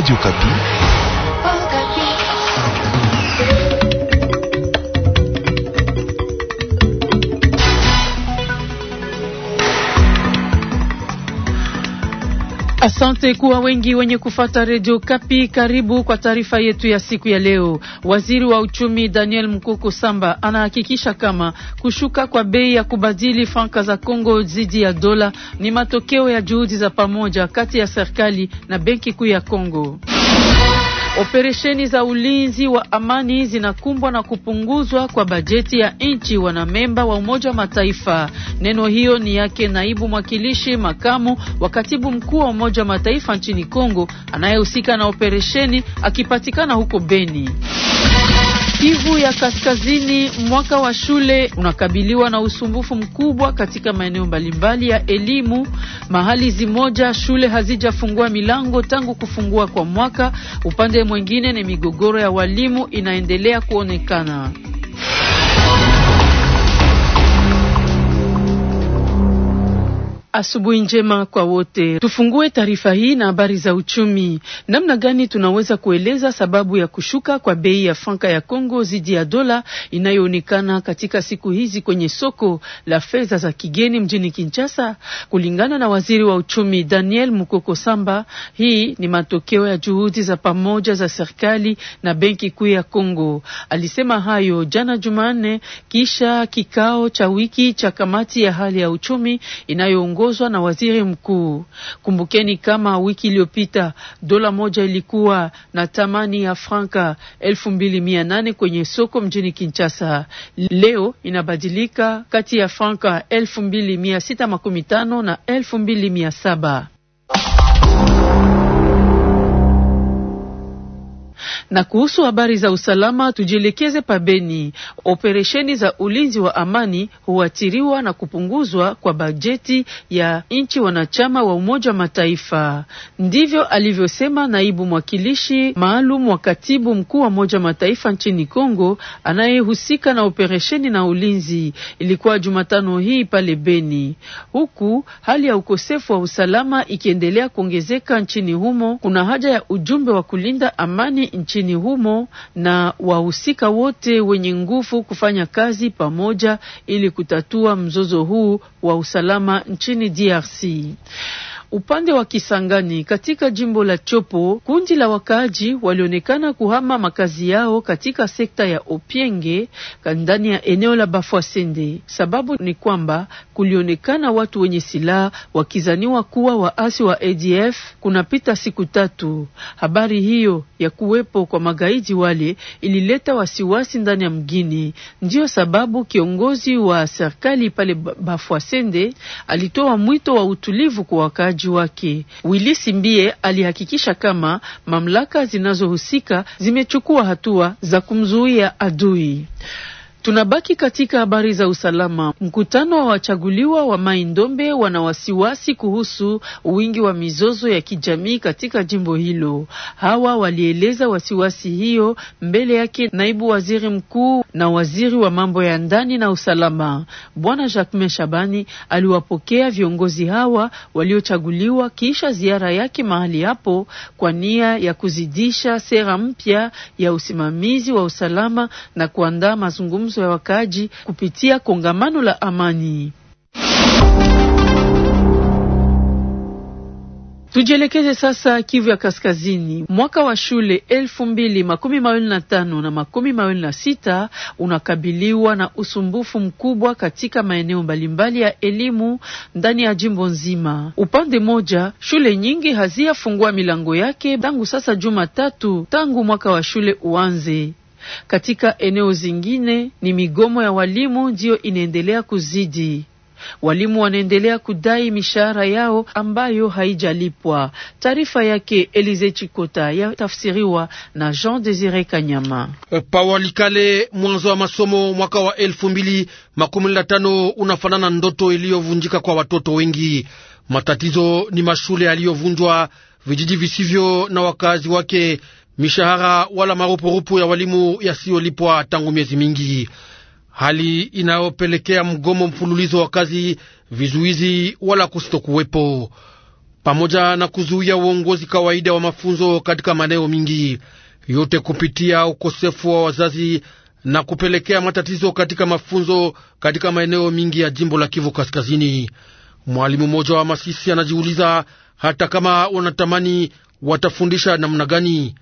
Radio Kapi. Asante kuwa wengi wenye kufata redio Kapi. Karibu kwa taarifa yetu ya siku ya leo. Waziri wa uchumi Daniel Mkoko Samba anahakikisha kama kushuka kwa bei ya kubadili franka za congo dhidi ya dola ni matokeo ya juhudi za pamoja kati ya serikali na benki kuu ya congo Operesheni za ulinzi wa amani zinakumbwa na kupunguzwa kwa bajeti ya nchi wanamemba wa Umoja wa Mataifa. Neno hiyo ni yake naibu mwakilishi makamu wa katibu mkuu wa Umoja wa Mataifa nchini Kongo anayehusika na operesheni akipatikana huko Beni. Kivu ya Kaskazini, mwaka wa shule unakabiliwa na usumbufu mkubwa katika maeneo mbalimbali ya elimu. Mahali zimoja shule hazijafungua milango tangu kufungua kwa mwaka, upande mwingine ni migogoro ya walimu inaendelea kuonekana. Asubuhi njema kwa wote. Tufungue taarifa hii na habari za uchumi. Namna gani tunaweza kueleza sababu ya kushuka kwa bei ya franka ya Kongo dhidi ya dola inayoonekana katika siku hizi kwenye soko la fedha za kigeni mjini Kinshasa? Kulingana na waziri wa uchumi Daniel Mukoko Samba, hii ni matokeo ya juhudi za pamoja za serikali na Benki Kuu ya Kongo. Alisema hayo jana Jumanne kisha kikao cha wiki cha kamati ya hali ya uchumi inayo kuongozwa na waziri mkuu. Kumbukeni kama wiki iliyopita dola moja ilikuwa na thamani ya franka elfu mbili mia nane kwenye soko mjini Kinshasa. Leo inabadilika kati ya franka elfu mbili mia sita makumi tano na elfu mbili mia saba. Na kuhusu habari za usalama, tujielekeze pabeni. Operesheni za ulinzi wa amani huathiriwa na kupunguzwa kwa bajeti ya nchi wanachama wa Umoja wa Mataifa. Ndivyo alivyosema naibu mwakilishi maalum wa katibu mkuu wa Umoja wa Mataifa nchini Kongo anayehusika na operesheni na ulinzi. Ilikuwa Jumatano hii pale Beni, huku hali ya ukosefu wa usalama ikiendelea kuongezeka nchini humo. Kuna haja ya ujumbe wa kulinda amani nchini nchini humo na wahusika wote wenye nguvu kufanya kazi pamoja ili kutatua mzozo huu wa usalama nchini DRC. Upande wa Kisangani katika jimbo la Chopo, kundi la wakaaji walionekana kuhama makazi yao katika sekta ya Opienge ndani ya eneo la Bafwasende. Sababu ni kwamba kulionekana watu wenye silaha wakizaniwa kuwa waasi wa ADF kunapita siku tatu. Habari hiyo ya kuwepo kwa magaidi wale ilileta wasiwasi ndani ya mgini. Ndiyo sababu kiongozi wa serikali pale Bafwasende alitoa mwito wa utulivu kwa wakaaji utekelezaji wake. Willis Mbie alihakikisha kama mamlaka zinazohusika zimechukua hatua za kumzuia adui. Tunabaki katika habari za usalama. Mkutano wa wachaguliwa wa Mai-Ndombe wana wasiwasi kuhusu wingi wa mizozo ya kijamii katika jimbo hilo. Hawa walieleza wasiwasi hiyo mbele yake naibu waziri mkuu na waziri wa mambo ya ndani na usalama. Bwana Jacques Shabani aliwapokea viongozi hawa waliochaguliwa kisha ziara yake mahali hapo kwa nia ya kuzidisha sera mpya ya usimamizi wa usalama na kuandaa mazungumzo mazungumzo ya wakaaji kupitia kongamano la amani. Tujielekeze sasa Kivu ya Kaskazini. Mwaka wa shule elfu mbili makumi mawili na tano na makumi mawili na sita unakabiliwa na usumbufu mkubwa katika maeneo mbalimbali ya elimu ndani ya jimbo nzima. Upande moja, shule nyingi hazijafungua milango yake tangu sasa juma tatu tangu mwaka wa shule uanze. Katika eneo zingine ni migomo ya walimu ndiyo inaendelea kuzidi. Walimu wanaendelea kudai mishahara yao ambayo haijalipwa. Taarifa yake Elize Chikota yatafsiriwa na Jean Desire Kanyama. E, Pawalikale, mwanzo wa masomo mwaka wa elfu mbili makumi na tano unafanana ndoto iliyovunjika kwa watoto wengi. Matatizo ni mashule yaliyovunjwa, vijiji visivyo na wakazi wake mishahara wala marupurupu ya walimu yasiyolipwa tangu miezi mingi, hali inayopelekea mgomo mfululizo wa kazi, vizuizi wala kusitokuwepo, pamoja na kuzuia uongozi kawaida wa mafunzo katika maeneo mingi, yote kupitia ukosefu wa wazazi na kupelekea matatizo katika mafunzo katika maeneo mingi ya jimbo la Kivu Kaskazini. Mwalimu mmoja wa Masisi anajiuliza hata kama wanatamani watafundisha namna gani.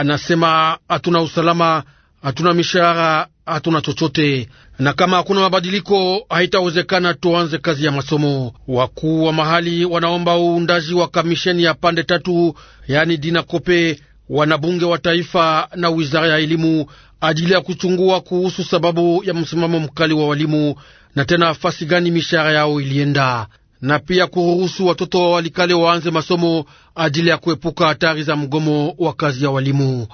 Anasema hatuna usalama, hatuna mishahara, hatuna chochote, na kama hakuna mabadiliko haitawezekana tuanze kazi ya masomo. Wakuu wa mahali wanaomba uundaji wa kamisheni ya pande tatu, yaani Dinakope, wanabunge wa taifa na wizara ya elimu ajili ya kuchungua kuhusu sababu ya msimamo mkali wa walimu na tena fasi gani mishahara yao ilienda na pia kuruhusu watoto wa walikale waanze masomo ajili ya kuepuka hatari za mgomo wa kazi ya walimu.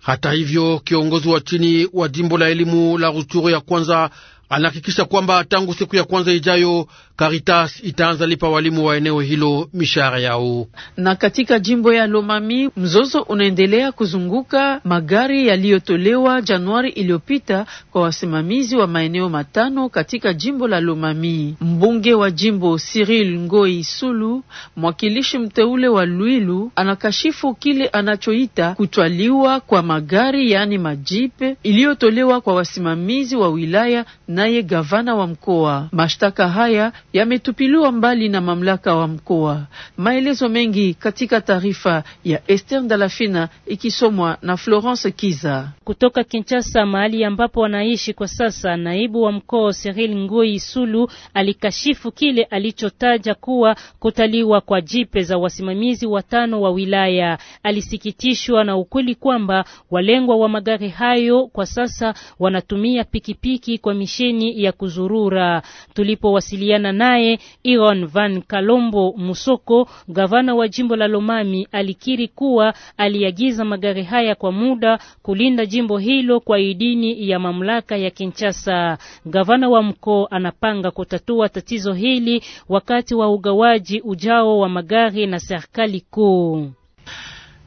Hata hivyo, kiongozi wa chini wa jimbo la elimu la Ruchuru ya kwanza anahakikisha kwamba tangu siku ya kwanza ijayo Caritas itaanza lipa walimu wa eneo hilo mishahara yao. Na katika jimbo ya Lomami, mzozo unaendelea kuzunguka magari yaliyotolewa Januari iliyopita kwa wasimamizi wa maeneo matano katika jimbo la Lomami. Mbunge wa jimbo Cyril Ngoi Sulu, mwakilishi mteule wa Luilu, anakashifu kile anachoita kutwaliwa kwa magari yaani majipe iliyotolewa kwa wasimamizi wa wilaya naye gavana wa mkoa. Mashtaka haya yametupiliwa mbali na mamlaka wa mkoa. Maelezo mengi katika taarifa ya Esther Dalafina ikisomwa na Florence Kiza kutoka Kinshasa, mahali ambapo wanaishi kwa sasa. Naibu wa mkoa Cyril Ngoi Sulu alikashifu kile alichotaja kuwa kutaliwa kwa jipe za wasimamizi watano wa wilaya. Alisikitishwa na ukweli kwamba walengwa wa magari hayo kwa sasa wanatumia pikipiki kwa misheni ya kuzurura. Tulipowasiliana na Naye Iron Van Kalombo Musoko, gavana wa jimbo la Lomami, alikiri kuwa aliagiza magari haya kwa muda kulinda jimbo hilo kwa idini ya mamlaka ya Kinshasa. Gavana wa mkoa anapanga kutatua tatizo hili wakati wa ugawaji ujao wa magari na serikali kuu.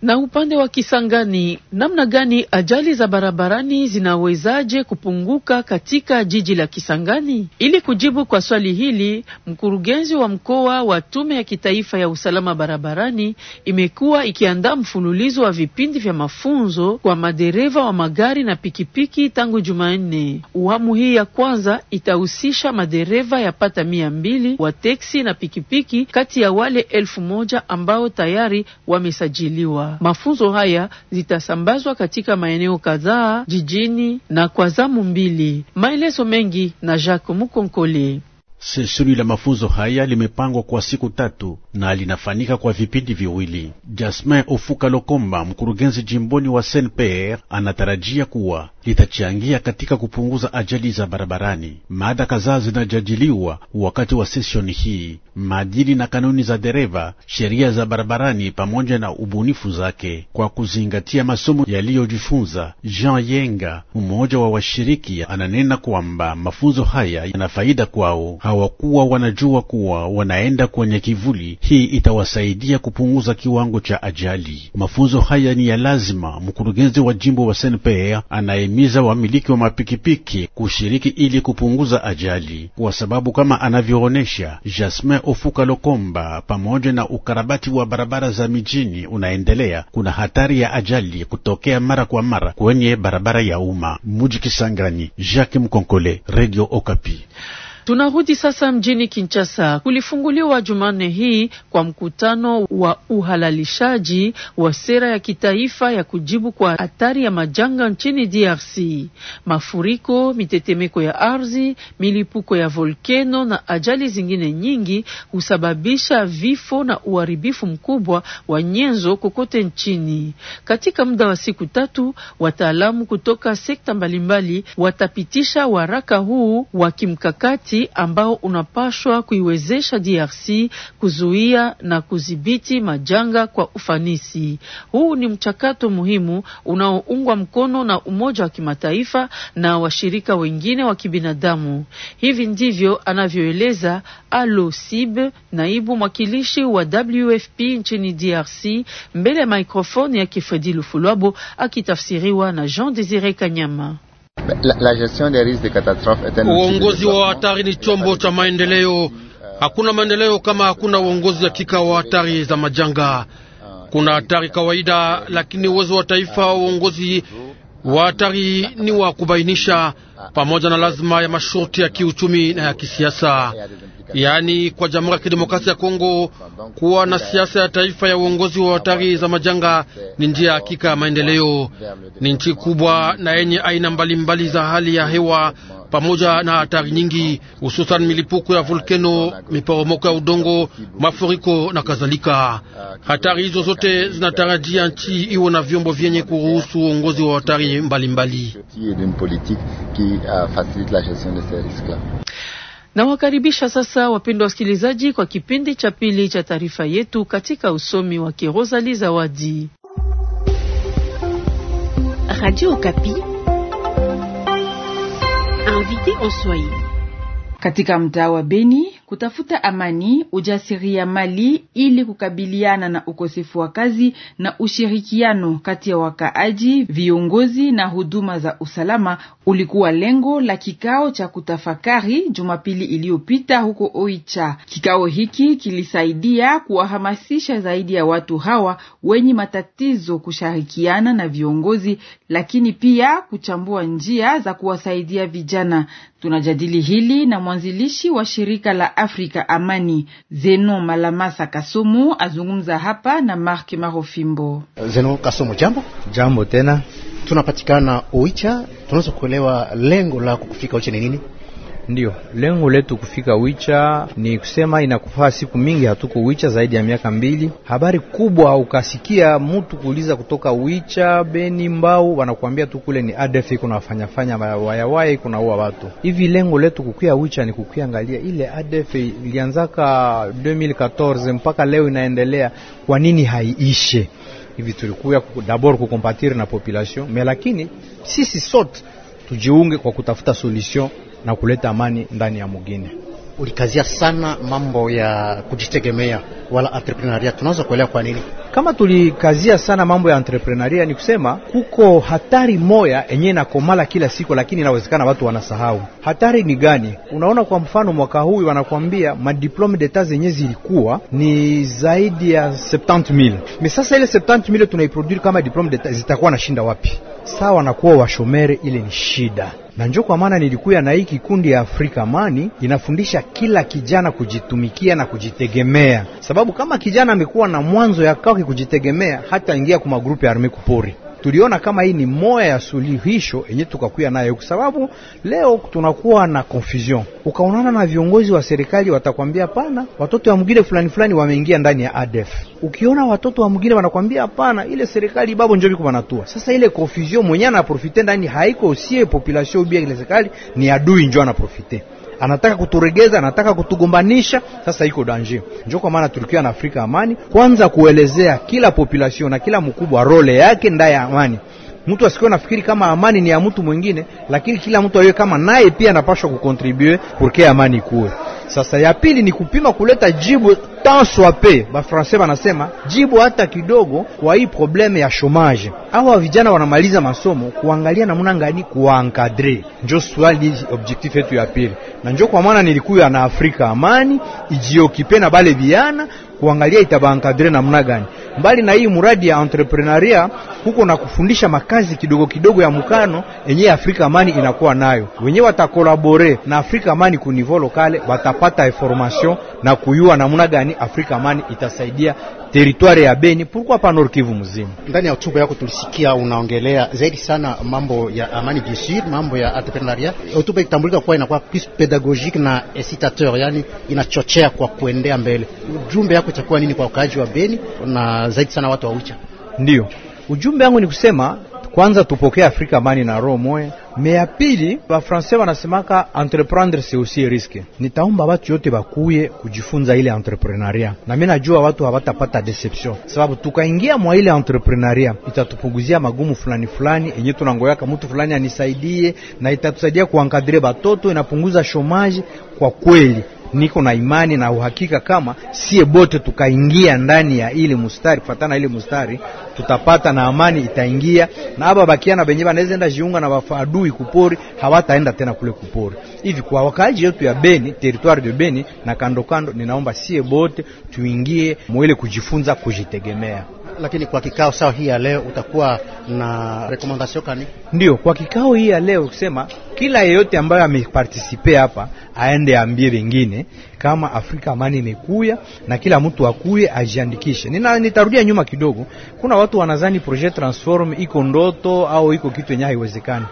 Na upande wa Kisangani, namna gani ajali za barabarani zinawezaje kupunguka katika jiji la Kisangani? Ili kujibu kwa swali hili, mkurugenzi wa mkoa wa tume ya kitaifa ya usalama barabarani imekuwa ikiandaa mfululizo wa vipindi vya mafunzo kwa madereva wa magari na pikipiki tangu Jumanne. Uhamu hii ya kwanza itahusisha madereva ya pata mia mbili wa teksi na pikipiki kati ya wale elfu moja ambao tayari wamesajiliwa. Mafunzo haya zitasambazwa katika maeneo kadhaa jijini na kwa zamu mbili. Maelezo mengi na Jacques mukonkoli Seshuri la mafunzo haya limepangwa kwa siku tatu na linafanyika kwa vipindi viwili. Jasmin Ofuka Lokomba, mkurugenzi jimboni wa Saint Pierre, anatarajia kuwa itachangia katika kupunguza ajali za barabarani. Mada kadhaa zinajadiliwa wakati wa seshoni hii: maadili na kanuni za dereva, sheria za barabarani pamoja na ubunifu zake, kwa kuzingatia masomo yaliyojifunza. Jean Yenga, mmoja wa washiriki, ananena kwamba mafunzo haya yana faida kwao. Hawakuwa wanajua kuwa wanaenda kwenye kivuli. Hii itawasaidia kupunguza kiwango cha ajali. Mafunzo haya ni ya lazima. Mkurugenzi wa jimbo wa Saint-Pierre kuhimiza wamiliki wa mapikipiki kushiriki ili kupunguza ajali, kwa sababu kama anavyoonyesha Jasmin Ofuka Lokomba, pamoja na ukarabati wa barabara za mijini unaendelea, kuna hatari ya ajali kutokea mara kwa mara kwenye barabara ya umma. Muji Kisangani, Jacques Mkonkole, Radio Okapi. Tunarudi sasa mjini Kinshasa. Kulifunguliwa Jumanne hii kwa mkutano wa uhalalishaji wa sera ya kitaifa ya kujibu kwa hatari ya majanga nchini DRC: mafuriko, mitetemeko ya ardhi, milipuko ya volkeno na ajali zingine nyingi husababisha vifo na uharibifu mkubwa wa nyenzo kokote nchini. Katika muda wa siku tatu, wataalamu kutoka sekta mbalimbali watapitisha waraka huu wa kimkakati ambao unapashwa kuiwezesha DRC kuzuia na kudhibiti majanga kwa ufanisi. Huu ni mchakato muhimu unaoungwa mkono na Umoja wa Kimataifa na washirika wengine wa kibinadamu. Hivi ndivyo anavyoeleza Alo Sib, naibu mwakilishi wa WFP nchini DRC, mbele ya mikrofoni ya Kifredi Lufulwabo, akitafsiriwa na Jean Desire Kanyama. La, la gestion des risques de catastrophe est un uongozi wa hatari ni chombo cha maendeleo. Hakuna maendeleo kama hakuna uongozi hakika wa hatari za majanga. Kuna hatari kawaida, lakini uwezo wa taifa wa uongozi Wahatari ni wa kubainisha, pamoja na lazima ya masharti ya kiuchumi na ya kisiasa, yaani kwa Jamhuri ya Kidemokrasia ya Kongo kuwa na siasa ya taifa ya uongozi wa hatari za majanga ni njia ya hakika ya maendeleo. Ni nchi kubwa na yenye aina mbalimbali mbali za hali ya hewa pamoja na hatari nyingi, hususan milipuko ya volkeno, miporomoko ya udongo, mafuriko na kadhalika. Hatari hizo zote zinatarajia nchi iwe na vyombo vyenye kuruhusu uongozi wa hatari mbalimbali. Nawakaribisha sasa wapendwa wasikilizaji, kwa kipindi cha pili cha taarifa yetu katika usomi wa Kirosali Zawadi, Radio Invité en Swahili. Katika mtaa wa Beni kutafuta amani, ujasiriamali ili kukabiliana na ukosefu wa kazi na ushirikiano kati ya wakaaji, viongozi na huduma za usalama ulikuwa lengo la kikao cha kutafakari Jumapili iliyopita huko Oicha. Kikao hiki kilisaidia kuwahamasisha zaidi ya watu hawa wenye matatizo kushirikiana na viongozi, lakini pia kuchambua njia za kuwasaidia vijana. Tunajadili hili na mwanzilishi wa shirika la Afrika Amani. Zeno Malamasa Kasomo azungumza hapa na Mark Marofimbo. Zeno Kasomo, jambo. Jambo tena. Tunapatikana Oicha, tunaweza kuelewa lengo la kufika Oicha ni nini? Ndiyo lengo letu kufika Wicha ni kusema, inakufaa siku mingi hatuko Wicha zaidi ya miaka mbili. Habari kubwa ukasikia mtu kuuliza kutoka Wicha, Beni, Mbau, wanakuambia tu kule ni ADF iko nafanyafanya wayawaya kuna naua watu hivi. Lengo letu kukuya Wicha ni kukuiangalia ile ADF ilianzaka 2014 mpaka leo inaendelea, kwa nini haiishe hivi? Tulikuya dabord kukompatiri na population me, lakini sisi sote tujiunge kwa kutafuta solution na kuleta amani ndani ya mugine. Ulikazia sana mambo ya kujitegemea wala entrepreneuria, tunaweza kuelewa kwa nini kama tulikazia sana mambo ya entrepreneuria. Ni kusema kuko hatari moya enye nakomala kila siku, lakini inawezekana watu wanasahau hatari ni gani. Unaona, kwa mfano mwaka huu wanakuambia madiplome d'etat zenye zilikuwa ni zaidi ya 70000 me sasa ile 70000 tunaiproduire kama diplome d'etat zitakuwa na shinda wapi? Sawa, wanakuwa washomere, ile ni shida na njo kwa maana nilikuya na hii kikundi ya Afrika Mani inafundisha kila kijana kujitumikia na kujitegemea, sababu kama kijana amekuwa na mwanzo ya kwake kujitegemea, hata ingia kwa magrupu ya arme kupori tuliona kama hii ni moya ya suluhisho yenye tukakuya nayo, kwa sababu leo tunakuwa na confusion. Ukaonana na viongozi wa serikali watakwambia hapana, watoto wa mgine fulani fulani wameingia ndani ya ADF. Ukiona watoto wa mgine wanakwambia hapana, ile serikali babo njo biko banatua. Sasa ile confusion mwenye anaprofite ndani haiko sie population, ubia ile serikali ni adui njo anaprofite anataka kuturegeza, anataka kutugombanisha. Sasa iko danger, njo kwa maana tulikuwa na Afrika amani kwanza, kuelezea kila population na kila mkubwa role yake ndani ya amani. Mtu asikuwe nafikiri kama amani ni ya mtu mwingine, lakini kila mtu aiwe kama naye pia anapaswa kukontribue purke amani kuwe. Sasa ya pili ni kupima kuleta jibu tant soit peu, bafrancais banasema jibu hata kidogo kwa hii probleme ya shomage. Hawa vijana wanamaliza masomo, kuangalia namna gani kuwankadre, njo swali objectif yetu ya pili, na njo kwa maana nilikuya na Afrika Amani ijiokipe na bale viana kuangalia itabankadre namna gani. Mbali na hii muradi ya entrepreneuria huko na kufundisha makazi kidogo kidogo ya mukano yenye Afrika Amani inakuwa nayo, wenyewe watakolabore na Afrika Amani ku niveau lokale, watapata information na kuyua namna gani kwani Afrika Amani itasaidia teritwari ya Beni, pourquoi pas Nord Kivu mzima. Ndani ya hotuba yako tulisikia unaongelea zaidi sana mambo ya amani, bien mambo ya entrepreneuria. Hotuba ikitambulika kuwa inakuwa plus pedagogique na excitateur, yani inachochea kwa kuendea mbele. Ujumbe yako itakuwa nini kwa wakaaji wa Beni na zaidi sana watu wa Ucha? Ndio ujumbe wangu ni kusema, kwanza tupokee Afrika Amani na roho moya Me ya pili, Wafrancais wanasemaka entreprendre c'est aussi risque. Nitaomba watu yote bakuye kujifunza ile entrepreneuria, na mimi najua watu hawatapata deception, sababu tukaingia mwa ile entrepreneuria itatupunguzia magumu fulani fulani enye tunangoyaka mtu fulani anisaidie, na itatusaidia kuankadre batoto, inapunguza shomaji kwa kweli niko na imani na uhakika kama sie bote tukaingia ndani ya ili mustari, kufatana ili mustari tutapata na amani itaingia, na aba bakiana benye banaweza enda jiunga na wafadui kupori, hawataenda tena kule kupori. Hivi kwa wakaji yetu ya Beni, territoire de Beni na kando kando, ninaomba sie bote tuingie mwele kujifunza kujitegemea. Lakini kwa kikao sawa hii ya leo utakuwa na rekomandasio kani? Ndio, kwa kikao hii ya leo kusema kila yeyote ambayo amepartisipe hapa aende aambie wengine kama Afrika amani imekuya na kila mtu akuye ajiandikishe. Nina nitarudia nyuma kidogo, kuna watu wanazani projet transform iko ndoto au iko kitu yenye haiwezekani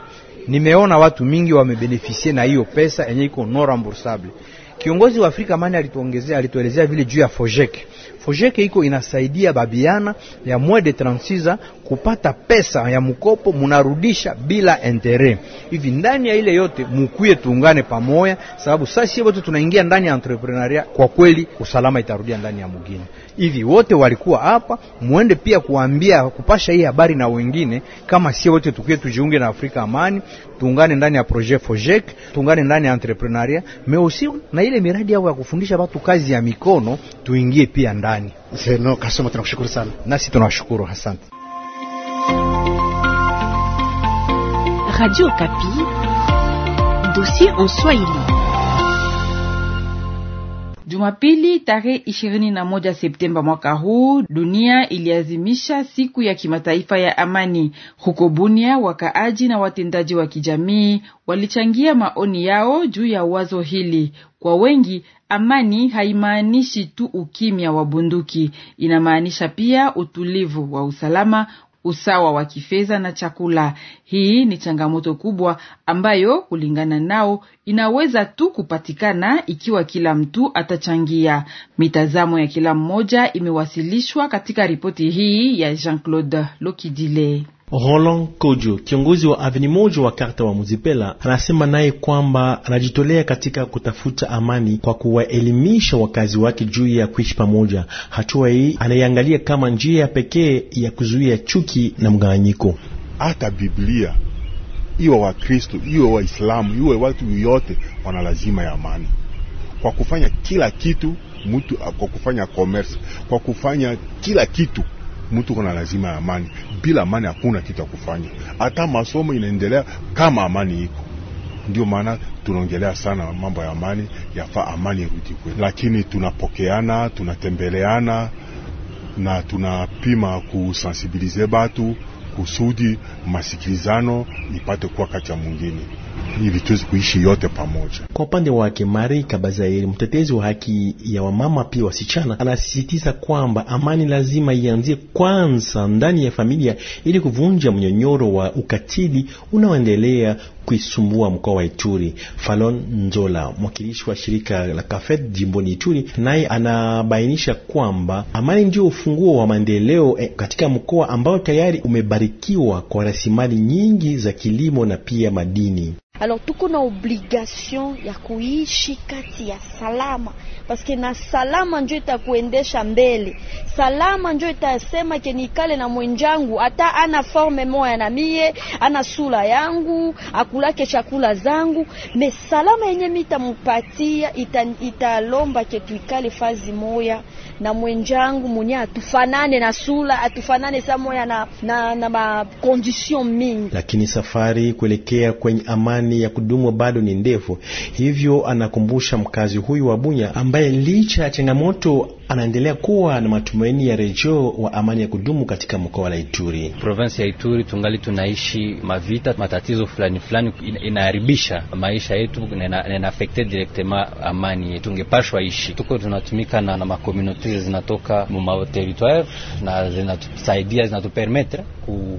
nimeona watu mingi wamebenefisie na hiyo pesa yenye iko non remboursable. Kiongozi wa Afrika Mani alituongezea, alituelezea vile juu ya Fojek. Fojek iko inasaidia babiana ya mwe de 36 kupata pesa ya mkopo, munarudisha bila entere. Hivi ndani ya ile yote mukuye, tuungane pamoja, sababu sasa wote tunaingia ndani ya entrepreneuria. Kwa kweli usalama itarudia ndani ya mugini. Hivi wote walikuwa hapa, muende pia kuambia kupasha hii habari na wengine, kama sie wote tukiye tujiunge na Afrika Amani tuungane ndani ya projet Fojek, tuungane ndani ya entrepreneuria, mais aussi na ile miradi yao ya kufundisha watu kazi ya mikono, tuingie pia ndani. Zeno Kasoma, tunakushukuru sana. Nasi tunawashukuru, asante. Radio Kapi, dossier en Swahili. Jumapili tarehe ishirini na moja Septemba mwaka huu dunia iliazimisha siku ya kimataifa ya amani. Huko Bunia, wakaaji na watendaji wa kijamii walichangia maoni yao juu ya wazo hili. Kwa wengi, amani haimaanishi tu ukimya wa bunduki, inamaanisha pia utulivu wa usalama usawa wa kifedha na chakula. Hii ni changamoto kubwa ambayo kulingana nao inaweza tu kupatikana ikiwa kila mtu atachangia. Mitazamo ya kila mmoja imewasilishwa katika ripoti hii ya Jean-Claude Lokidile. Roland Kojo, kiongozi wa moja wa karta wa Muzipela, anasema naye kwamba anajitolea katika kutafuta amani kwa kuwaelimisha wakazi wake juu ya kuishi pamoja. Hatua hii anaiangalia kama njia ya pekee ya kuzuia chuki na mgawanyiko. Hata Biblia iwe Wakristo iwe Waislamu iwe watu yote, wana lazima ya amani kwa kufanya kila kitu mtu, kwa kufanya commerce, kwa kufanya kila kitu mtu kuna lazima ya amani. Bila amani hakuna kitu kufanya, hata masomo inaendelea kama amani iko. Ndio maana tunaongelea sana mambo ya amani, yafaa amani irudi kwetu, lakini tunapokeana, tunatembeleana na tunapima kusensibilize batu kusudi masikilizano ipate kuwa kati ya mwingine ili tuweze kuishi yote pamoja. Kwa upande wake, Mari Kabazairi, mtetezi wa haki ya wamama pia wasichana, anasisitiza kwamba amani lazima ianzie kwanza ndani ya familia ili kuvunja mnyonyoro wa ukatili unaoendelea kuisumbua mkoa wa Ituri. Falon Nzola, mwakilishi wa shirika la Kafet jimboni Ituri, naye anabainisha kwamba amani ndio ufunguo wa maendeleo eh, katika mkoa ambao tayari umebarikiwa kwa rasilimali nyingi za kilimo na pia madini. Alors tuko na obligation ya kuishi kati ya salama paske na salama njo itakuendesha mbele. Salama njo itasema ke nikale na mwenjangu, hata ana forme moya na mie, ana sura yangu, akulake chakula zangu, me salama yenye mitamupatia italomba ita ke tuikale fazi moya na mwenjangu mwenye atufanane na sura, atufanane sa moya na, na, na condition mingi. Lakini safari kuelekea kwenye amani ya kudumu bado ni ndefu, hivyo anakumbusha mkazi huyu wa Bunya ambaye ambaye licha ya changamoto anaendelea kuwa na matumaini ya rejeo wa amani ya kudumu katika mkoa la Ituri. Provinsi ya Ituri tungali tunaishi mavita, matatizo fulani fulani inaharibisha maisha yetu na inaafekte directement amani yetu. Tungepashwa ishi, tuko tunatumika na, na makomunote zinatoka mu territoire na zinatusaidia zinatupermetre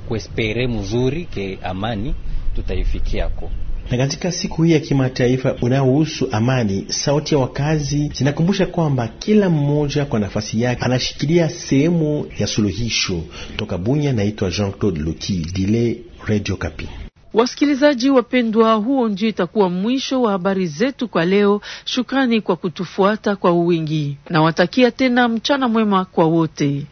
kuespere mzuri ke amani tutaifikiako. Na katika siku hii ya kimataifa unaohusu amani, sauti ya wakazi zinakumbusha kwamba kila mmoja kwa nafasi yake anashikilia sehemu ya suluhisho. Toka Bunya, naitwa Jean Claude Luki Dile, Radio Kapi. Wasikilizaji wapendwa, huo ndio itakuwa mwisho wa habari zetu kwa leo. Shukrani kwa kutufuata kwa uwingi nawatakia tena mchana mwema kwa wote.